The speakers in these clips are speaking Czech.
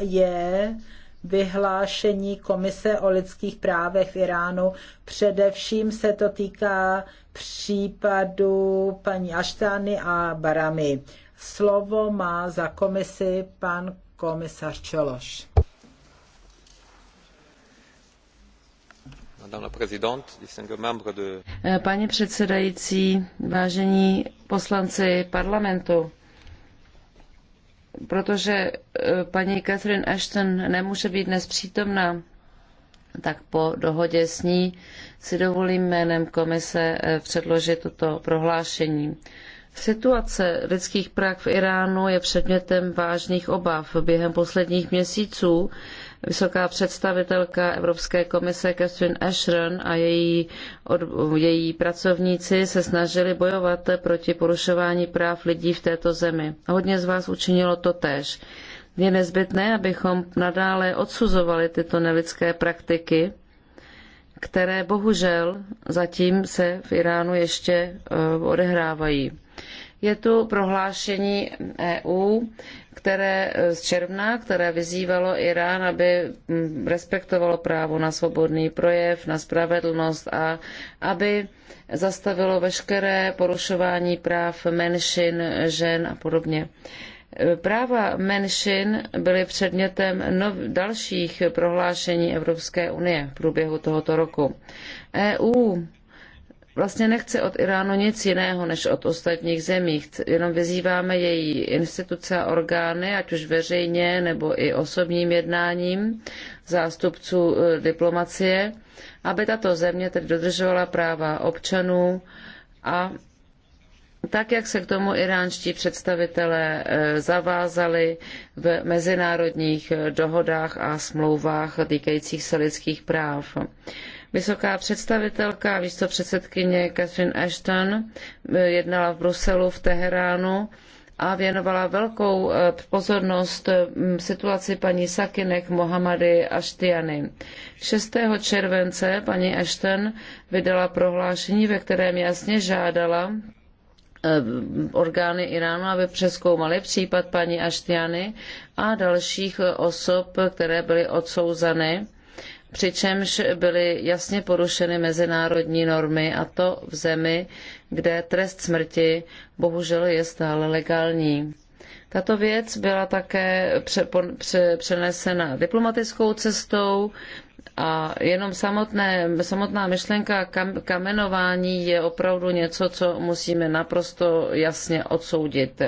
je vyhlášení Komise o lidských právech v Iránu. Především se to týká případu paní Aštány a Barami. Slovo má za komisi pan komisař Čeloš. Eh, paní předsedající, vážení poslanci parlamentu, protože e, paní Catherine Ashton nemůže být dnes přítomná, tak po dohodě s ní si dovolím jménem komise e, předložit toto prohlášení. Situace lidských práv v Iránu je předmětem vážných obav během posledních měsíců. Vysoká představitelka Evropské komise Catherine Ashton a její, od, její pracovníci se snažili bojovat proti porušování práv lidí v této zemi. Hodně z vás učinilo to též. Je nezbytné, abychom nadále odsuzovali tyto nelidské praktiky, které bohužel zatím se v Iránu ještě eh, odehrávají. Je tu prohlášení EU které eh, z června, které vyzývalo Irán, aby mm, respektovalo právo na svobodný projev, na spravedlnost a aby zastavilo veškeré porušování práv menšin, žen a podobně. Eh, práva menšin byly předmětem dalších prohlášení Evropské unie v průběhu tohoto roku. EU vlastně nechce od Iránu nic jiného než od ostatních zemí. Jenom vyzýváme její instituce a orgány, ať už veřejně nebo i osobním jednáním zástupců eh, diplomacie, aby tato země tedy dodržovala práva občanů a tak, jak se k tomu iránští představitelé eh, zavázali v mezinárodních eh, dohodách a smlouvách týkajících se lidských práv. Vysoká představitelka a místopředsedkyně Catherine Ashton eh, jednala v Bruselu, v Teheránu a věnovala velkou eh, pozornost mm, situaci paní Sakinek Mohamady Ashtiany. 6. července paní Ashton vydala prohlášení, ve kterém jasně žádala eh, orgány Iránu, aby přeskoumaly případ paní Ashtiany a dalších osob, které byly odsouzeny přičemž byly jasně porušeny mezinárodní normy a to v zemi, kde trest smrti bohužel je stále legální. Tato věc byla také přenesena diplomatickou cestou a jenom samotné, samotná myšlenka kam, kamenování je opravdu něco, co musíme naprosto jasně odsoudit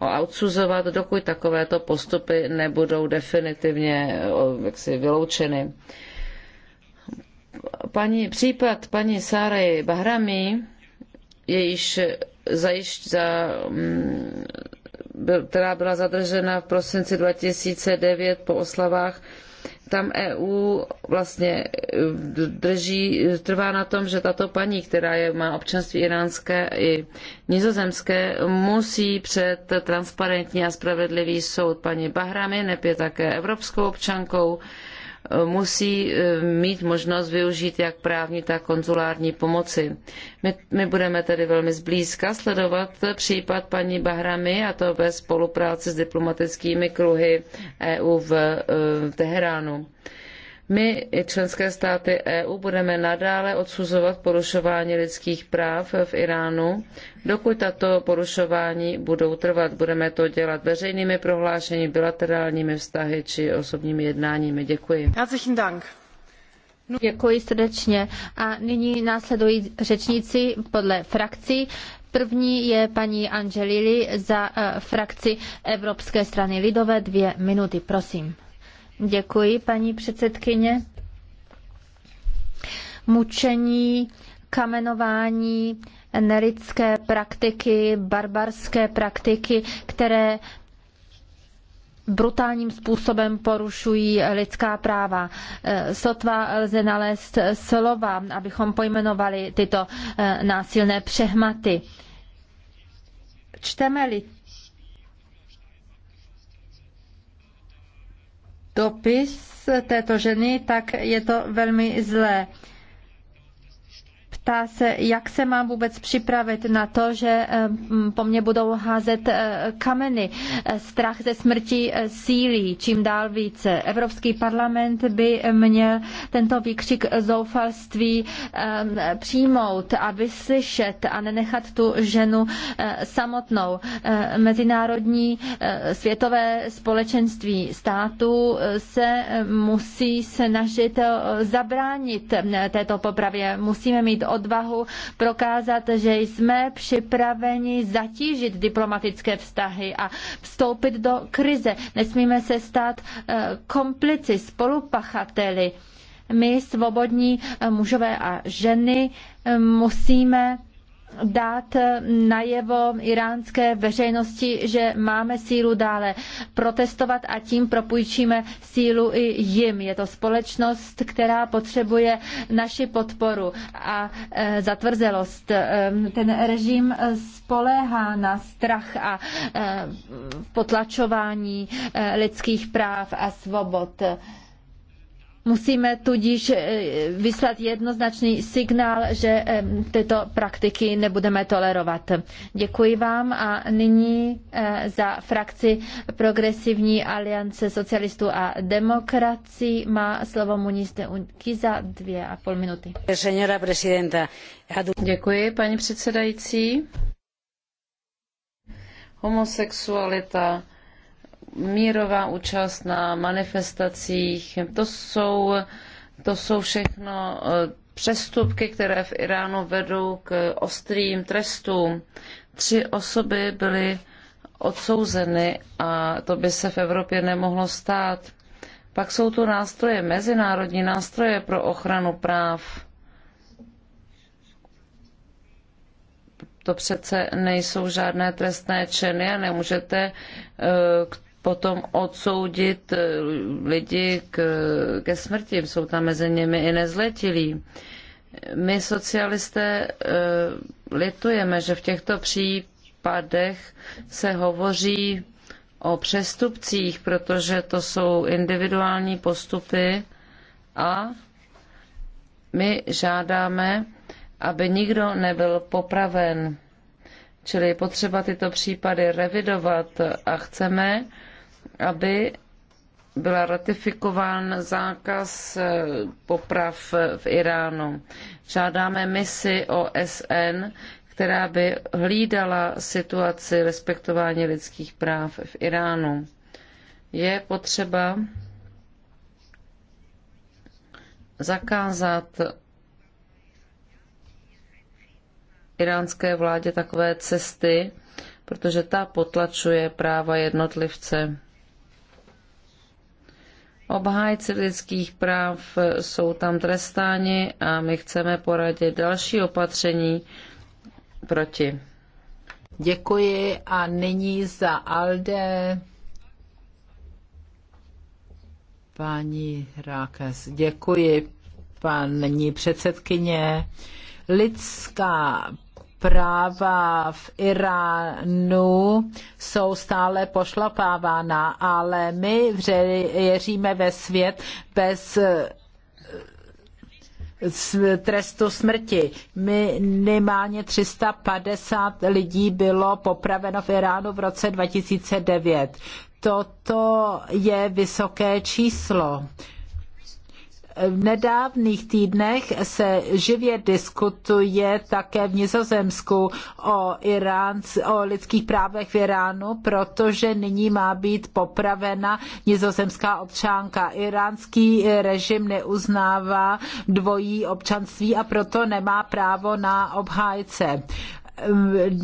odsuzovat, dokud takovéto postupy nebudou definitivně jaksi vyloučeny. Paní, případ paní Sáry Bahrami, jejíž zajišť za, mm, která byla zadržena v prosinci 2009 po oslavách tam EU vlastně eh, drží, trvá na tom, že tato paní, která je, má občanství iránské i nizozemské, musí před transparentní a spravedlivý soud. Paní Bahrami nep je také evropskou občankou, musí eh, mít možnost využít jak právní, tak konzulární pomoci. My, my budeme tedy velmi zblízka sledovat případ paní Bahrami a to ve spolupráci s diplomatickými kruhy EU v, eh, v Teheránu. My i členské státy EU budeme nadále odsuzovat porušování lidských práv v Iránu. Dokud tato porušování budou trvat, budeme to dělat veřejnými prohlášeními, bilaterálními vztahy či osobními jednáními. Děkuji. Herzlichen Dank. No, děkuji srdečně. A nyní následují řečníci podle frakcí. První je paní Angelili za eh, frakci Evropské strany lidové. Dvě minuty, prosím. Děkuji, paní předsedkyně. Mučení, kamenování, nelidské praktiky, barbarské praktiky, které brutálním způsobem porušují lidská práva. Eh, sotva lze nalézt slova, abychom pojmenovali tyto eh, násilné přehmaty. Čteme-li dopis této ženy, tak je to velmi zlé. Ptá se, jak se mám vůbec připravit na to, že eh, po mně budou házet eh, kameny. Eh, strach ze smrti sílí čím dál více. Evropský parlament by měl tento výkřik zoufalství přijmout a vyslyšet a nenechat tu ženu samotnou. Mezinárodní světové společenství států se musí snažit zabránit této popravě. Musíme mít odvahu prokázat, že jsme připraveni zatížit diplomatické vztahy a vstoupit do krize. Nesmíme se stát eh, komplici, spolupachateli. My, svobodní eh, mužové a ženy, eh, musíme dát najevo iránské veřejnosti, že máme sílu dále protestovat a tím propůjčíme sílu i jim. Je to společnost, která potřebuje naši podporu a e, zatvrzelost. E, ten režim spoléhá na strach a e, potlačování lidských práv a svobod. Musíme tudíž eh, vyslat jednoznačný signál, že tyto praktiky nebudeme tolerovat. Děkuji vám a nyní eh, za frakci Progresivní aliance socialistů a demokrací má slovo Muniste Unkiza dvě a půl minuty. Děkuji, paní předsedající. Homosexualita mírová účast na manifestacích. To jsou, to jsou všechno eh, přestupky, které v Iránu vedou k ostrým trestům. Tři osoby byly odsouzeny a to by se v Evropě nemohlo stát. Pak jsou tu nástroje, mezinárodní nástroje pro ochranu práv. To přece nejsou žádné trestné činy a nemůžete eh, k potom odsoudit eh, lidi k, ke smrti. Jsou tam mezi nimi i nezletilí. My socialisté eh, litujeme, že v těchto případech se hovoří o přestupcích, protože to jsou individuální postupy a my žádáme, aby nikdo nebyl popraven. Čili je potřeba tyto případy revidovat a chceme, aby byl ratifikován zákaz eh, poprav eh, v Iránu. Žádáme misi OSN, která by hlídala situaci respektování lidských práv v Iránu. Je potřeba zakázat iránské vládě takové cesty, protože ta potlačuje práva jednotlivce. Obhájci lidských práv jsou tam trestáni a my chceme poradit další opatření proti. Děkuji a nyní za Alde paní Rákes. Děkuji, paní předsedkyně. Lidská práva v Iránu jsou stále pošlapávána, ale my věříme ve svět bez eh, trestu smrti. Minimálně 350 lidí bylo popraveno v Iránu v roce 2009. Toto je vysoké číslo v nedávných týdnech se živě diskutuje také v Nizozemsku o, Irán, o lidských právech v Iránu, protože nyní má být popravena nizozemská občanka. Iránský režim neuznává dvojí občanství a proto nemá právo na obhájce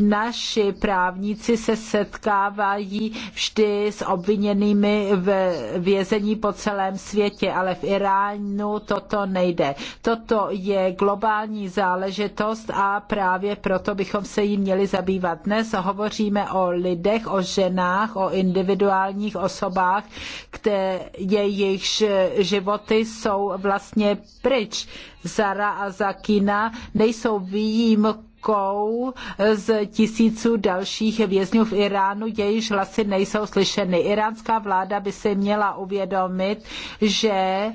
naši právníci se setkávají vždy s obviněnými v vězení po celém světě, ale v Iránu toto nejde. Toto je globální záležitost a právě proto bychom se jí měli zabývat. Dnes hovoříme o lidech, o ženách, o individuálních osobách, které jejichž životy jsou vlastně pryč. Zara a Zakina nejsou výjimkou rukou z tisíců dalších vězňů v Iránu, jejíž hlasy nejsou slyšeny. Iránská vláda by si měla uvědomit, že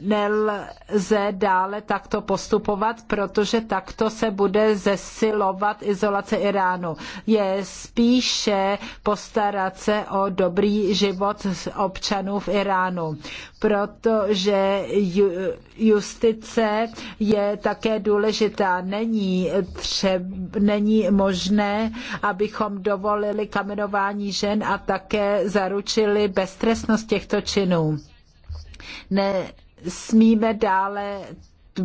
nelze dále takto postupovat, protože takto se bude zesilovat izolace Iránu. Je spíše postarat se o dobrý život občanů v Iránu, protože justice je také důležitá. Není, třeb, není možné, abychom dovolili kamenování žen a také zaručili beztrestnost těchto činů. Ne, smíme dále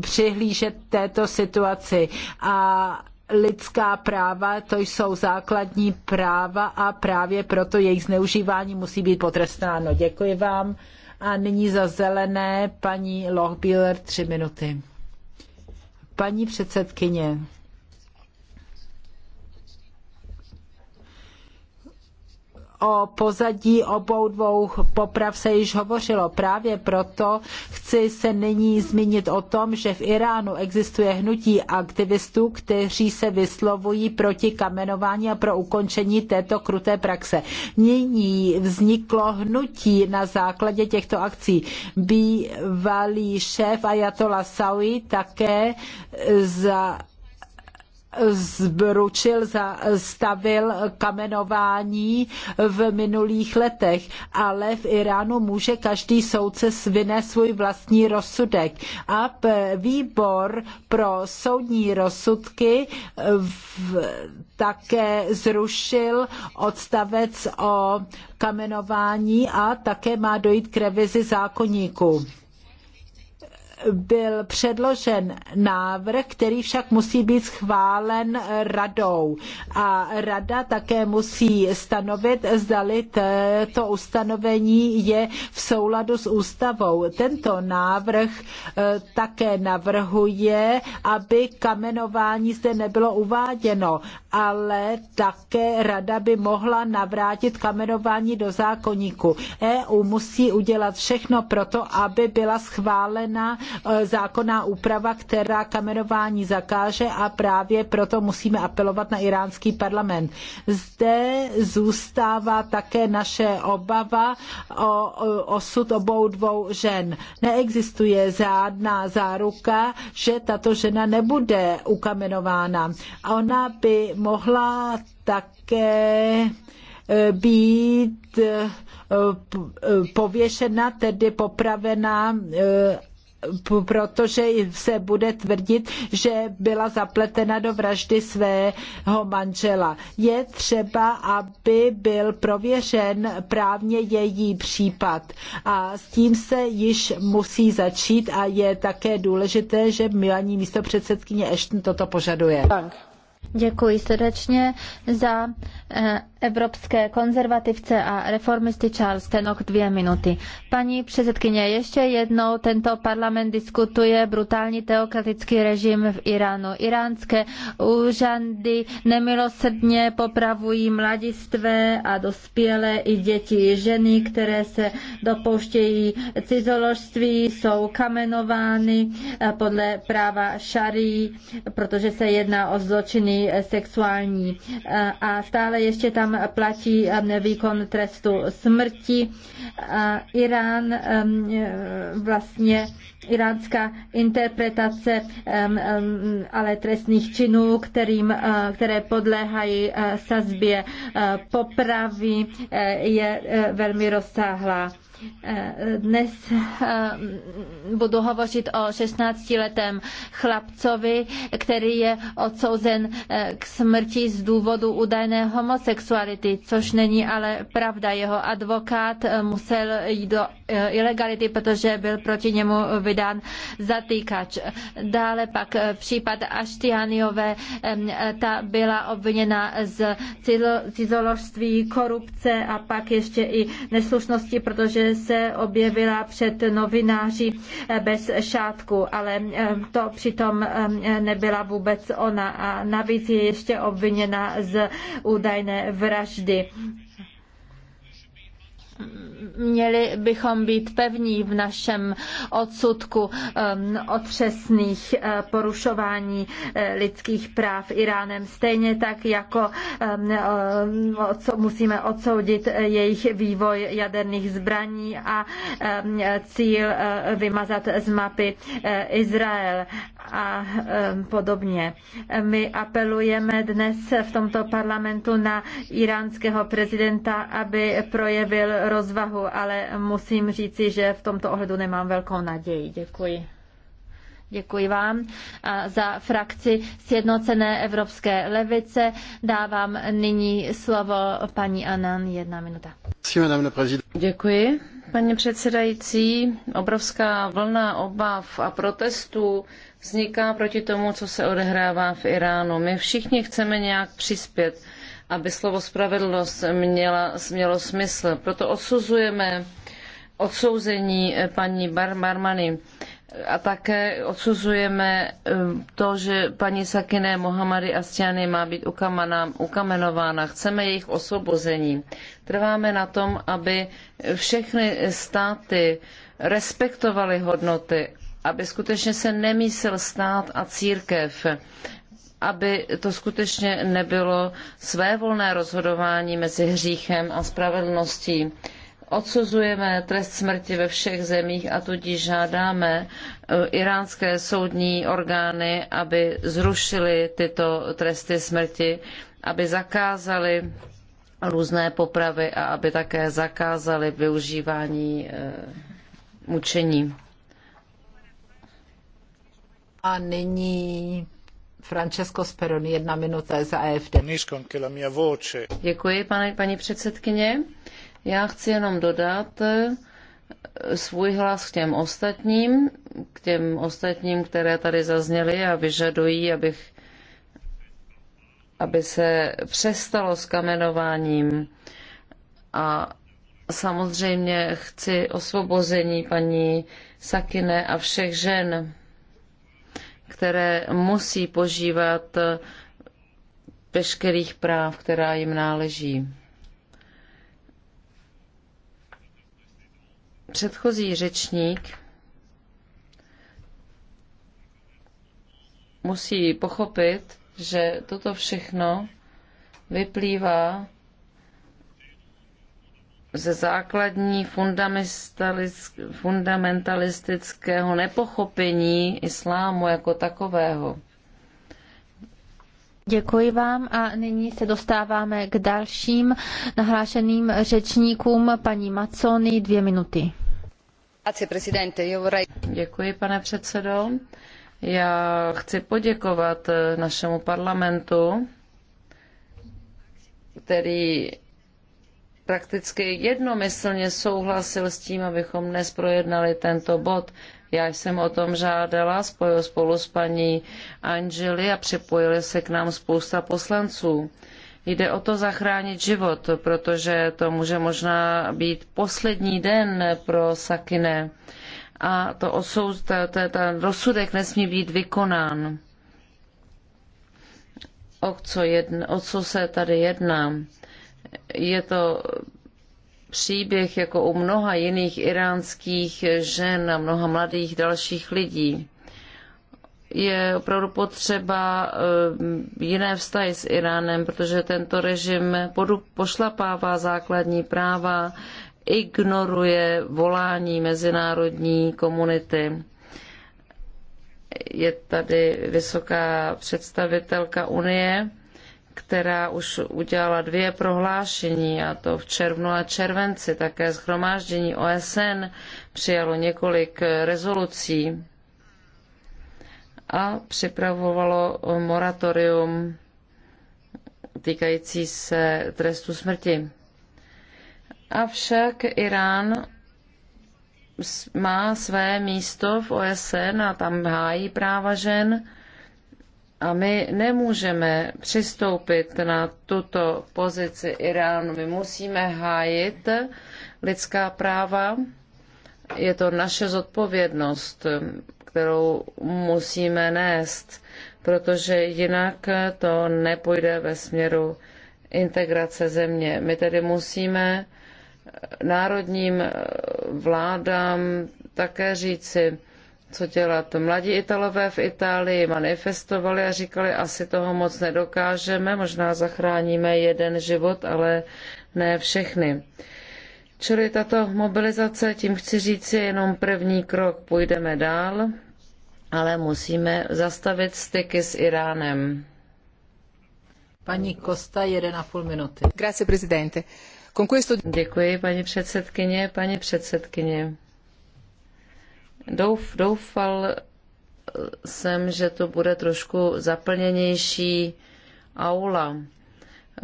přihlížet této situaci. A lidská práva, to jsou základní práva a právě proto jejich zneužívání musí být potrestáno. Děkuji vám. A nyní za zelené paní Lochbieler tři minuty. Paní předsedkyně, o pozadí obou dvou poprav se již hovořilo. Právě proto chci se nyní zmínit o tom, že v Iránu existuje hnutí aktivistů, kteří se vyslovují proti kamenování a pro ukončení této kruté praxe. Nyní vzniklo hnutí na základě těchto akcí. Bývalý šéf Ayatollah Saui také za zbručil, zastavil kamenování v minulých letech, ale v Iránu může každý soudce svine svůj vlastní rozsudek. A výbor pro soudní rozsudky v, také zrušil odstavec o kamenování a také má dojít k revizi zákoníku byl předložen návrh, který však musí být schválen radou. A rada také musí stanovit, zdali to ustanovení je v souladu s ústavou. Tento návrh e, také navrhuje, aby kamenování zde nebylo uváděno, ale také rada by mohla navrátit kamenování do zákoníku. EU musí udělat všechno pro to, aby byla schválena Eh, zákonná úprava, která kamerování zakáže a právě proto musíme apelovat na iránský parlament. Zde zůstává také naše obava o osud obou dvou žen. Neexistuje žádná záruka, že tato žena nebude ukamenována. Ona by mohla také eh, být eh, pověšena, tedy popravena protože se bude tvrdit, že byla zapletena do vraždy svého manžela. Je třeba, aby byl prověřen právně její případ. A s tím se již musí začít a je také důležité, že milání místo předsedkyně Ashton toto požaduje. Děkuji srdečně za eh, evropské konzervativce a reformisty Charles Tenok dvě minuty. Paní předsedkyně, ještě jednou tento parlament diskutuje brutální teokratický režim v Iránu. Iránské úřady nemilosrdně popravují mladistvé a dospělé i děti. Ženy, které se dopouštějí cizoložství, jsou kamenovány podle práva šarí, protože se jedná o zločiny sexuální. A stále ještě tam tam platí um, výkon trestu smrti. Irán um, vlastně iránská interpretace um, ale trestných činů, kterým, uh, které podléhají uh, sazbě uh, popravy, je velmi rozsáhlá. Dnes eh, budu hovořit o 16-letém chlapcovi, který je odsouzen eh, k smrti z důvodu údajné homosexuality, což není ale pravda. Jeho advokát eh, musel jít do ilegality, protože byl proti němu vydán zatýkač. Dále pak případ Aštianiové, ta byla obviněna z cizoložství, korupce a pak ještě i neslušnosti, protože se objevila před novináři eh, bez šátku, ale eh, to přitom eh, nebyla vůbec ona a navíc je ještě obviněna z údajné vraždy měli bychom být pevní v našem odsudku um, otřesných uh, porušování uh, lidských práv Iránem. Stejně tak, jako um, uh, musíme odsoudit jejich vývoj jaderných zbraní a um, cíl vymazat z mapy Izrael a podobně. My apelujeme dnes v tomto parlamentu na iránského prezidenta, aby projevil rozvahu, ale musím říci, že v tomto ohledu nemám velkou naději. Děkuji. Děkuji vám. A za frakci Sjednocené evropské levice dávám nyní slovo paní Anan. Jedna minuta. Děkuji, paní předsedající. Obrovská vlna obav a protestů vzniká proti tomu, co se odehrává v Iránu. My všichni chceme nějak přispět, aby slovo spravedlnost měla, mělo smysl. Proto odsuzujeme odsouzení eh, paní Bar- Barmany a také odsuzujeme eh, to, že paní Sakine Mohamady Astiany má být ukamaná, ukamenována. Chceme jejich osvobození. Trváme na tom, aby všechny státy respektovaly hodnoty aby skutečně se nemísil stát a církev, aby to skutečně nebylo svévolné rozhodování mezi hříchem a spravedlností. Odsuzujeme trest smrti ve všech zemích a tudíž žádáme eh, iránské soudní orgány, aby zrušili tyto tresty smrti, aby zakázali různé popravy a aby také zakázali využívání eh, mučení. A nyní Francesco Speroni, jedna minuta za AFD. Děkuji, pane, paní předsedkyně. Já chci jenom dodat eh, svůj hlas k těm ostatním, k těm ostatním, které tady zazněly a vyžadují, abych, aby se přestalo s kamenováním a samozřejmě chci osvobození paní Sakine a všech žen které musí požívat veškerých práv, která jim náleží. Předchozí řečník musí pochopit, že toto všechno vyplývá ze základní fundamentalistického nepochopení islámu jako takového. Děkuji vám a nyní se dostáváme k dalším nahlášeným řečníkům. Paní Macony dvě minuty. Děkuji, pane předsedo. Já chci poděkovat našemu parlamentu, který prakticky jednomyslně souhlasil s tím, abychom dnes projednali tento bod. Já jsem o tom žádala spojil spolu s paní Angeli a připojili se k nám spousta poslanců. Jde o to zachránit život, protože to může možná být poslední den pro Sakine a to osouz, ten rozsudek nesmí být vykonán. O co, jedn, o co se tady jedná? Je to příběh jako u mnoha jiných iránských žen a mnoha mladých dalších lidí. Je opravdu potřeba eh, jiné vztahy s Iránem, protože tento režim pošlapává základní práva, ignoruje volání mezinárodní komunity. Je tady vysoká představitelka Unie která už udělala dvě prohlášení, a to v červnu a červenci. Také schromáždění OSN přijalo několik rezolucí a připravovalo moratorium týkající se trestu smrti. Avšak Irán má své místo v OSN a tam hájí práva žen a my nemůžeme přistoupit na tuto pozici Iránu. My musíme hájit lidská práva. Je to naše zodpovědnost, kterou musíme nést, protože jinak to nepůjde ve směru integrace země. My tedy musíme národním vládám také říci, co dělat. Mladí Italové v Itálii manifestovali a říkali, asi toho moc nedokážeme, možná zachráníme jeden život, ale ne všechny. Čili tato mobilizace, tím chci říct, je jenom první krok, půjdeme dál, ale musíme zastavit styky s Iránem. Paní Kosta, 1,5 minuty. Grazie, prezidente. Děkuji, paní předsedkyně, paní předsedkyně. Douf, doufal jsem, že to bude trošku zaplněnější aula.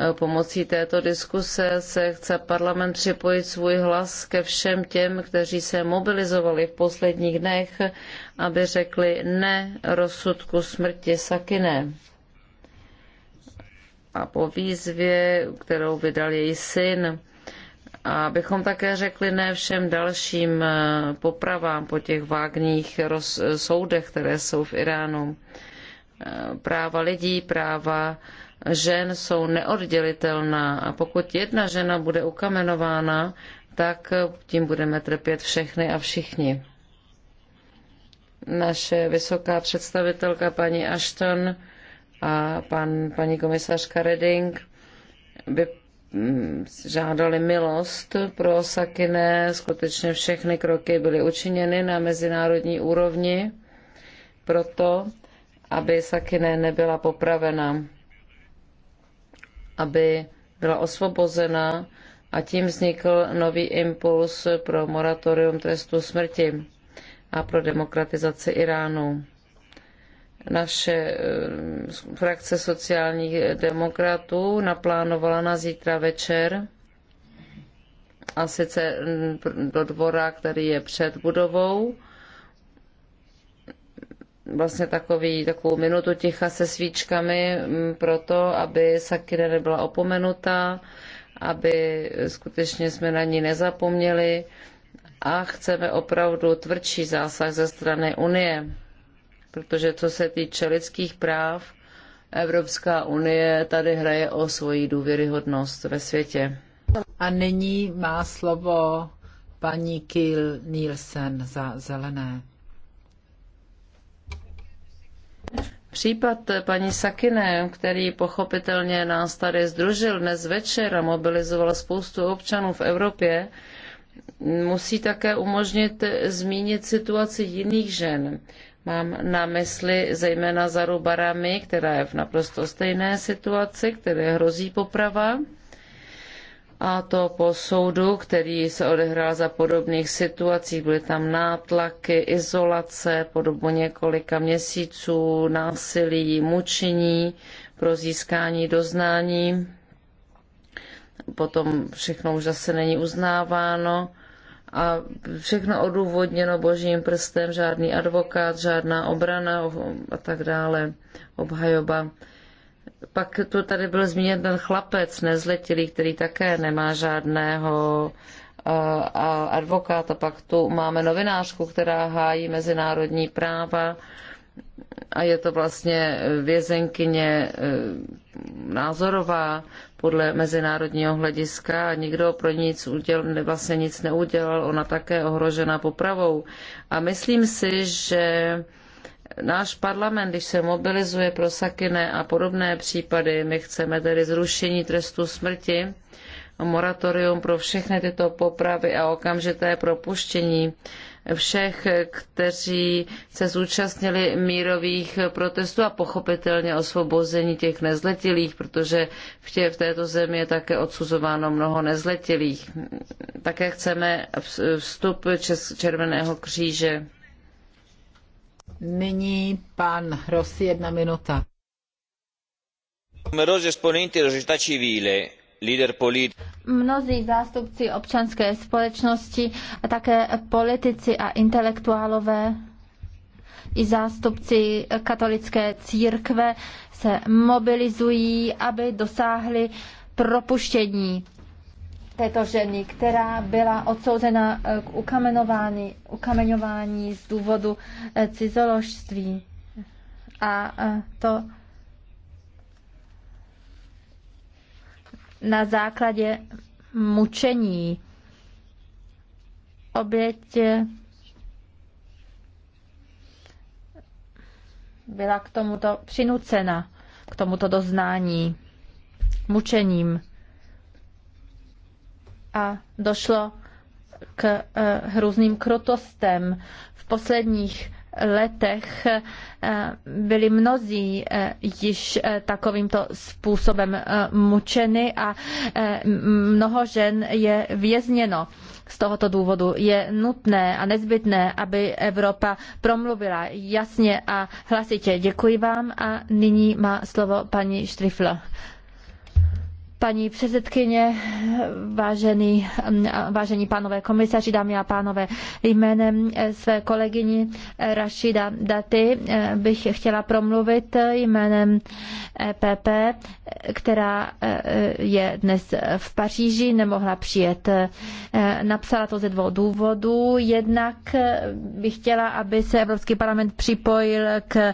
E, pomocí této diskuse se chce parlament připojit svůj hlas ke všem těm, kteří se mobilizovali v posledních dnech, aby řekli ne rozsudku smrti Sakine. A po výzvě, kterou vydal její syn, a abychom také řekli ne všem dalším eh, popravám po těch vágních roz, eh, soudech, které jsou v Iránu. Eh, práva lidí, práva žen jsou neoddělitelná a pokud jedna žena bude ukamenována, tak tím budeme trpět všechny a všichni. Naše vysoká představitelka paní Ashton a pan, paní komisařka Reding by Hmm, žádali milost pro Sakine. Skutečně všechny kroky byly učiněny na mezinárodní úrovni proto, aby Sakine nebyla popravena, aby byla osvobozena a tím vznikl nový impuls pro moratorium trestu smrti a pro demokratizaci Iránu. Naše eh, frakce sociálních demokratů naplánovala na zítra večer a sice mm, do dvora, který je před budovou. Vlastně takový, takovou minutu ticha se svíčkami mm, proto, aby Sakina nebyla opomenuta, aby skutečně jsme na ní nezapomněli a chceme opravdu tvrdší zásah ze strany Unie protože co se týče lidských práv, Evropská unie tady hraje o svoji důvěryhodnost ve světě. A nyní má slovo paní Kiel Nielsen za zelené. Případ paní Sakine, který pochopitelně nás tady združil dnes večer a mobilizoval spoustu občanů v Evropě, musí také umožnit zmínit situaci jiných žen. Mám na mysli zejména Zaru Barami, která je v naprosto stejné situaci, které hrozí poprava. A to po soudu, který se odehrál za podobných situací, byly tam nátlaky, izolace po dobu několika měsíců, násilí, mučení pro získání doznání. Potom všechno už zase není uznáváno a všechno odůvodněno božím prstem, žádný advokát, žádná obrana a tak dále, obhajoba. Pak tu tady byl zmíněn ten chlapec nezletilý, který také nemá žádného advokáta. Pak tu máme novinářku, která hájí mezinárodní práva a je to vlastně vězenkyně e, názorová podle mezinárodního hlediska a nikdo pro nic uděl, vlastně nic neudělal, ona také ohrožena popravou. A myslím si, že náš parlament, když se mobilizuje pro Sakine a podobné případy, my chceme tedy zrušení trestu smrti, moratorium pro všechny tyto popravy a okamžité propuštění všech, kteří se zúčastnili mírových protestů a pochopitelně osvobození těch nezletilých, protože v, tě, v této zemi je také odsuzováno mnoho nezletilých. Také chceme vstup Čes, Červeného kříže. Nyní pan Rossi, jedna minuta. Numerosi esponenti della società civile Mnozí zástupci občanské společnosti a také politici a intelektuálové i zástupci katolické církve se mobilizují, aby dosáhli propuštění této ženy, která byla odsouzena eh, k ukamenování, ukamenování z důvodu eh, cizoložství. A eh, to na základě mučení. Oběť byla k tomuto přinucena, k tomuto doznání, mučením. A došlo k eh, hrůzným krotostem. V posledních letech eh, byli mnozí eh, již eh, takovýmto způsobem mučeny a mnoho žen je vězněno. Z tohoto důvodu je nutné a nezbytné, aby Evropa promluvila jasně a hlasitě. Děkuji vám a nyní má slovo paní Štrifla. Paní předsedkyně, vážený, vážení pánové komisaři, dámy a pánové, jménem své kolegyni Rašida Daty bych chtěla promluvit jménem EPP, která je dnes v Paříži, nemohla přijet. Napsala to ze dvou důvodů. Jednak bych chtěla, aby se Evropský parlament připojil k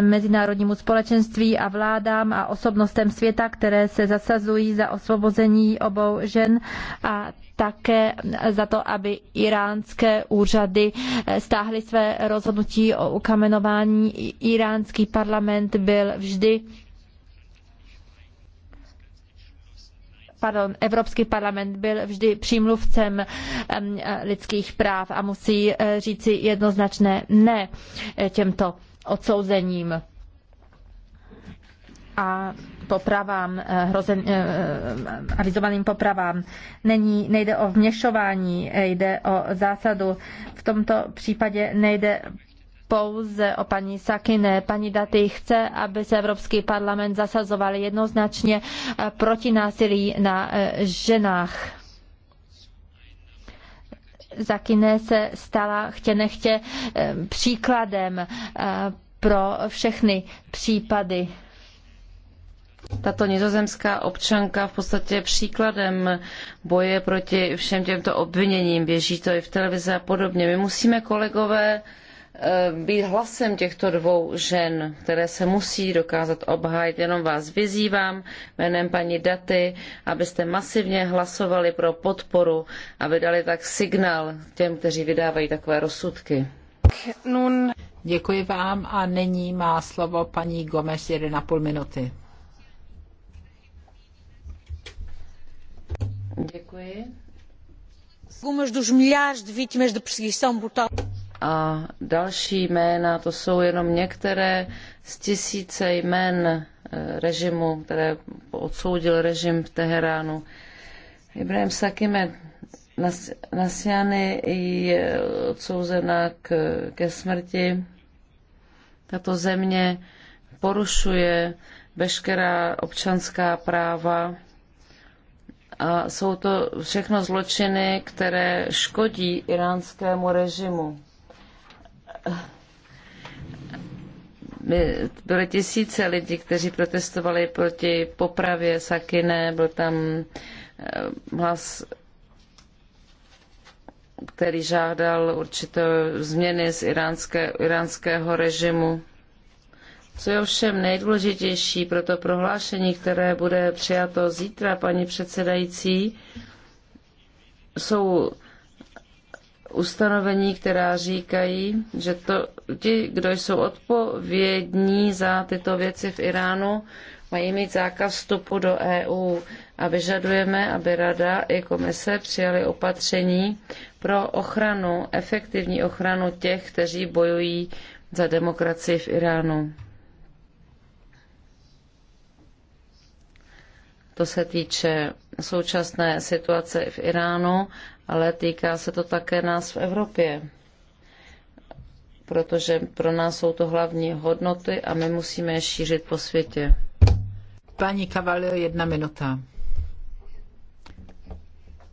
mezinárodnímu společenství a vládám a osobnostem světa, které se zasazují bojují za osvobození obou žen a také za to, aby iránské úřady stáhly své rozhodnutí o ukamenování. Iránský parlament byl vždy pardon, Evropský parlament byl vždy přímluvcem lidských práv a musí eh, říci jednoznačné ne eh, těmto odsouzením. A popravám, eh, hrozen, eh, eh, avizovaným popravám. Není, nejde o vměšování, jde o zásadu. V tomto případě nejde pouze o paní Sakine. Paní Daty chce, aby se Evropský parlament zasazoval jednoznačně proti násilí na ženách. Zakine se stala chtě nechtě příkladem pro všechny případy tato nizozemská občanka v podstatě je příkladem boje proti všem těmto obviněním. Běží to i v televizi a podobně. My musíme, kolegové, eh, být hlasem těchto dvou žen, které se musí dokázat obhájit. Jenom vás vyzývám jménem paní Daty, abyste masivně hlasovali pro podporu a vydali tak signál těm, kteří vydávají takové rozsudky. Děkuji vám a nyní má slovo paní Gomes 1,5 minuty. A další jména, to jsou jenom některé z tisíce jmen eh, režimu, které odsoudil režim v Teheránu. Ibrahim Sakime Nasiany je odsouzena k, ke smrti. Tato země porušuje veškerá občanská práva a jsou to všechno zločiny, které škodí iránskému režimu. Byly tisíce lidí, kteří protestovali proti popravě Sakine, byl tam eh, hlas, který žádal určité změny z iránské, iránského režimu. Co je ovšem nejdůležitější pro to prohlášení, které bude přijato zítra, paní předsedající, jsou ustanovení, která říkají, že to, ti, kdo jsou odpovědní za tyto věci v Iránu, mají mít zákaz vstupu do EU a vyžadujeme, aby Rada i Komise přijali opatření pro ochranu, efektivní ochranu těch, kteří bojují za demokracii v Iránu. To se týče současné situace v Iránu, ale týká se to také nás v Evropě, protože pro nás jsou to hlavní hodnoty a my musíme je šířit po světě. Paní Kavalio, jedna minuta.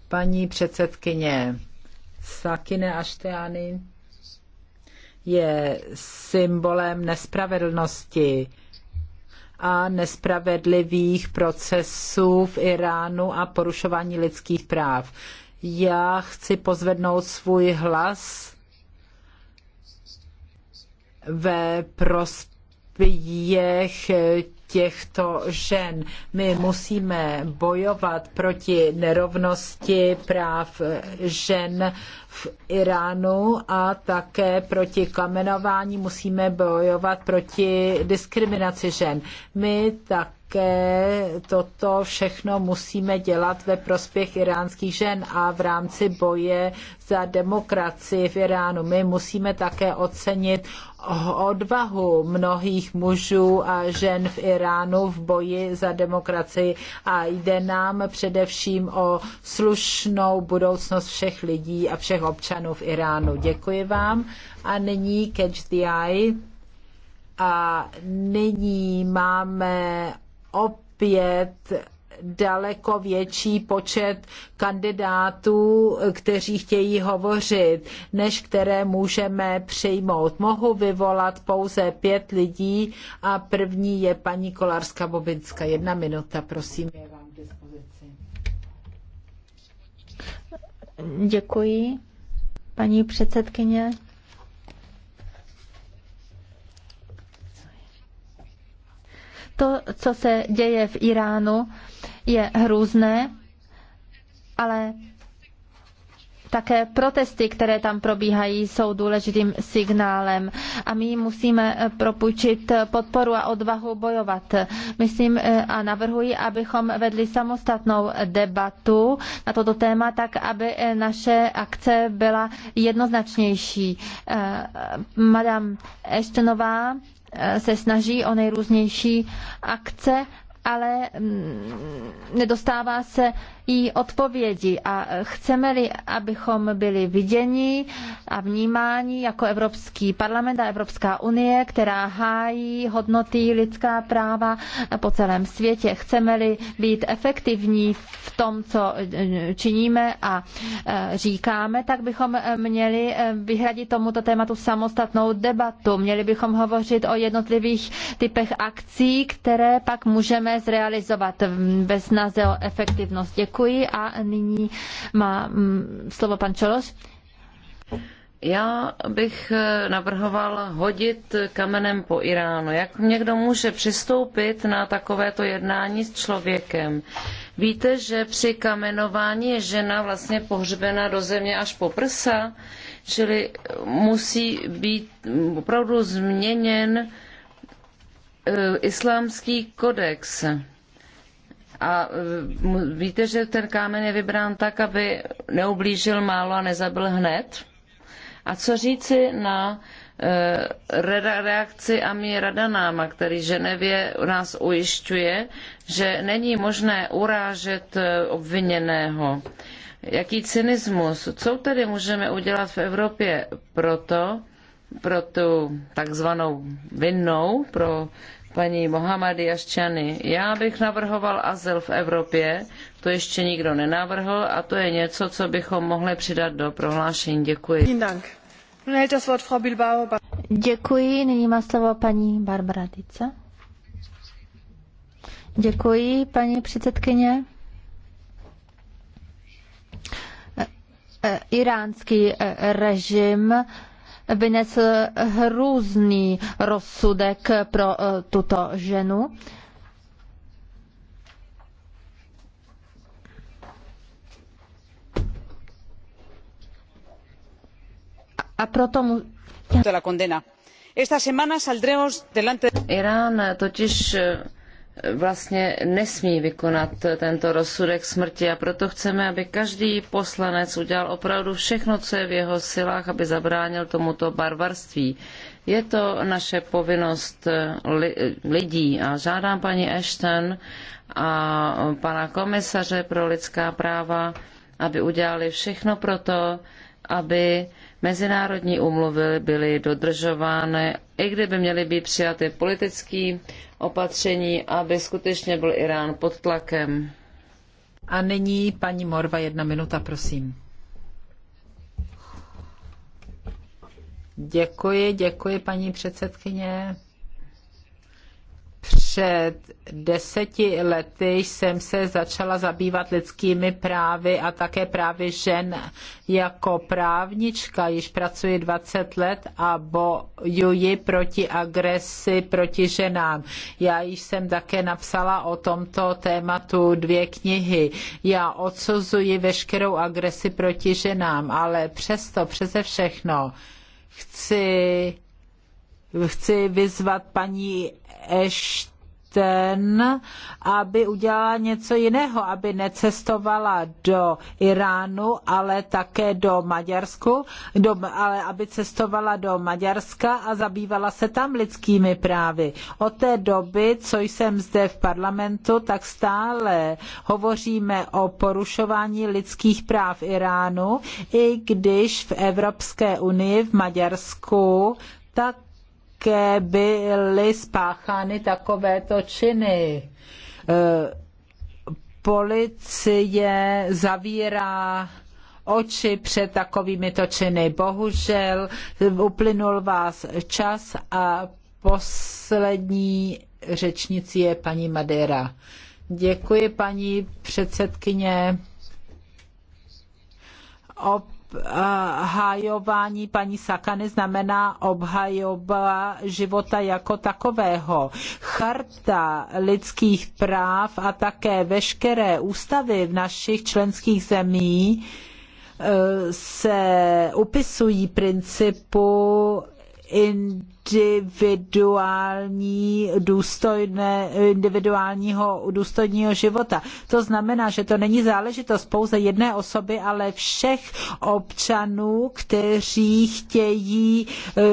Paní předsedkyně Sakine Ašteány je symbolem nespravedlnosti, a nespravedlivých procesů v Iránu a porušování lidských práv. Já chci pozvednout svůj hlas ve prospěch těchto žen. My musíme bojovat proti nerovnosti práv žen v Iránu a také proti kamenování musíme bojovat proti diskriminaci žen. My tak také toto všechno musíme dělat ve prospěch iránských žen a v rámci boje za demokracii v Iránu. My musíme také ocenit odvahu mnohých mužů a žen v Iránu v boji za demokracii a jde nám především o slušnou budoucnost všech lidí a všech občanů v Iránu. Děkuji vám a nyní Catch the Eye a nyní máme opět daleko větší počet kandidátů, kteří chtějí hovořit, než které můžeme přijmout. Mohu vyvolat pouze pět lidí a první je paní Kolárská Bobinská. Jedna minuta, prosím, je vám k dispozici. Děkuji, paní předsedkyně. To, co se děje v Iránu, je hrůzné, ale také protesty, které tam probíhají, jsou důležitým signálem a my musíme propůjčit podporu a odvahu bojovat. Myslím eh, a navrhuji, abychom vedli samostatnou debatu na toto téma, tak aby eh, naše akce byla jednoznačnější. Eh, Madame Eštenová se snaží o nejrůznější akce ale mm, nedostává se i odpovědi. A chceme-li, abychom byli viděni a vnímáni jako Evropský parlament a Evropská unie, která hájí hodnoty lidská práva po celém světě, chceme-li být efektivní v tom, co e, činíme a e, říkáme, tak bychom e, měli vyhradit tomuto tématu samostatnou debatu. Měli bychom hovořit o jednotlivých typech akcí, které pak můžeme zrealizovat bez snaze o efektivnost. Děkuji. Děkuji a nyní má mm, slovo pan Čološ. Já bych eh, navrhoval hodit kamenem po Iránu. Jak někdo může přistoupit na takovéto jednání s člověkem? Víte, že při kamenování je žena vlastně pohřbena do země až po prsa, čili musí být opravdu změněn eh, islámský kodex. A e, víte, že ten kámen je vybrán tak, aby neublížil málo a nezabil hned? A co říci na e, reakci Ami Radanáma, který Ženevě nás ujišťuje, že není možné urážet e, obviněného. Jaký cynismus. Co tedy můžeme udělat v Evropě proto, pro tu takzvanou vinnou, pro paní Mohamedy Jaščany. Já bych navrhoval azyl v Evropě, to ještě nikdo nenavrhl a to je něco, co bychom mohli přidat do prohlášení. Děkuji. Děkuji, nyní má slovo paní Barbara Dica. Děkuji, paní předsedkyně. E, e, iránský e, režim vynesl hrůzný rozsudek pro eh, tuto ženu. A proto mu... Esta semana saldremos delante... Irán eh, totiž eh, vlastně nesmí vykonat tento rozsudek smrti a proto chceme, aby každý poslanec udělal opravdu všechno, co je v jeho silách, aby zabránil tomuto barbarství. Je to naše povinnost eh, li lidí a žádám paní Ashton a pana komisaře pro lidská práva, aby udělali všechno pro to, aby Mezinárodní úmluvy byly dodržovány, i kdyby měly být přijaty politické opatření, aby skutečně byl Irán pod tlakem. A nyní paní Morva, jedna minuta, prosím. Děkuji, děkuji paní předsedkyně před deseti lety jsem se začala zabývat lidskými právy a také právy žen jako právnička. Již pracuji 20 let a bojuji proti agresi proti ženám. Já již jsem také napsala o tomto tématu dvě knihy. Já odsuzuji veškerou agresi proti ženám, ale přesto, přeze všechno, chci, chci vyzvat paní Ešt ten, aby udělala něco jiného, aby necestovala do Iránu, ale také do Maďarsku, do, ale aby cestovala do Maďarska a zabývala se tam lidskými právy. Od té doby, co jsem zde v parlamentu, tak stále hovoříme o porušování lidských práv Iránu, i když v Evropské unii, v Maďarsku, tak jaké byly spáchány takovéto činy. E, policie zavírá oči před takovýmito činy. Bohužel uplynul vás čas a poslední řečnicí je paní Madeira. Děkuji, paní předsedkyně. Op obhajování paní Sakany znamená obhajoba života jako takového. Charta lidských práv a také veškeré ústavy v našich členských zemích eh, se upisují principu in individuální důstojné, individuálního důstojního života. To znamená, že to není záležitost pouze jedné osoby, ale všech občanů, kteří chtějí eh,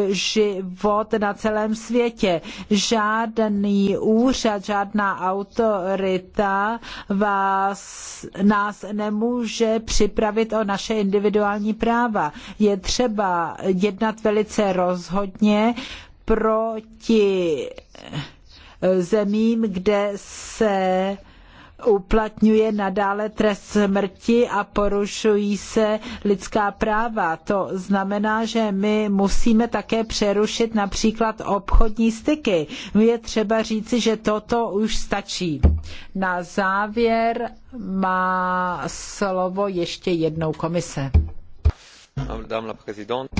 život na celém světě. Žádný úřad, žádná autorita vás, nás nemůže připravit o naše individuální práva. Je třeba jednat velice rozhodně, proti eh, zemím, kde se uplatňuje nadále trest smrti a porušují se lidská práva. To znamená, že my musíme také přerušit například obchodní styky. Je třeba říci, že toto už stačí. Na závěr má slovo ještě jednou komise.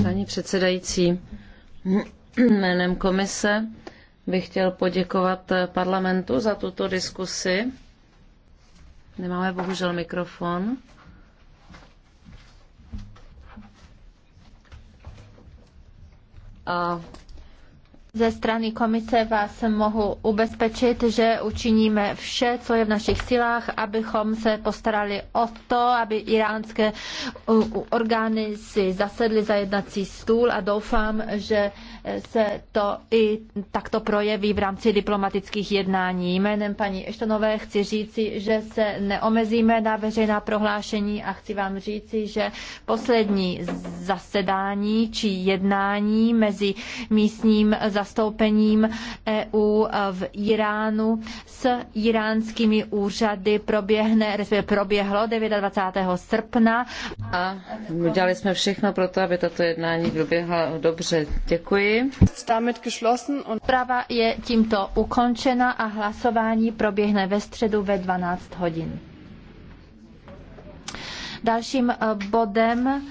Paní předsedající, Jménem komise bych chtěl poděkovat parlamentu za tuto diskusi. Nemáme bohužel mikrofon. A ze strany komise vás mohu ubezpečit, že učiníme vše, co je v našich silách, abychom se postarali o to, aby iránské orgány si zasedly za jednací stůl a doufám, že se to i takto projeví v rámci diplomatických jednání. Jménem paní Eštonové chci říci, že se neomezíme na veřejná prohlášení a chci vám říci, že poslední zasedání či jednání mezi místním zasedáním zastoupením EU v Iránu s iránskými úřady proběhne, respektive proběhlo 29. srpna. A udělali jsme všechno pro to, aby tato jednání proběhla dobře. Děkuji. Prava je tímto ukončena a hlasování proběhne ve středu ve 12 hodin. Dalším eh, bodem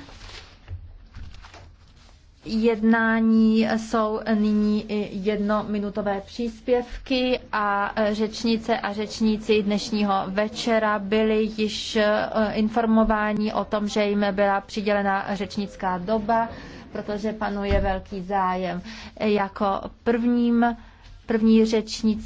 jednání jsou nyní i jednominutové příspěvky a řečnice a řečníci dnešního večera byli již eh, informováni o tom, že jim byla přidělena řečnická doba, protože panuje velký zájem. Jako prvním, první řečnice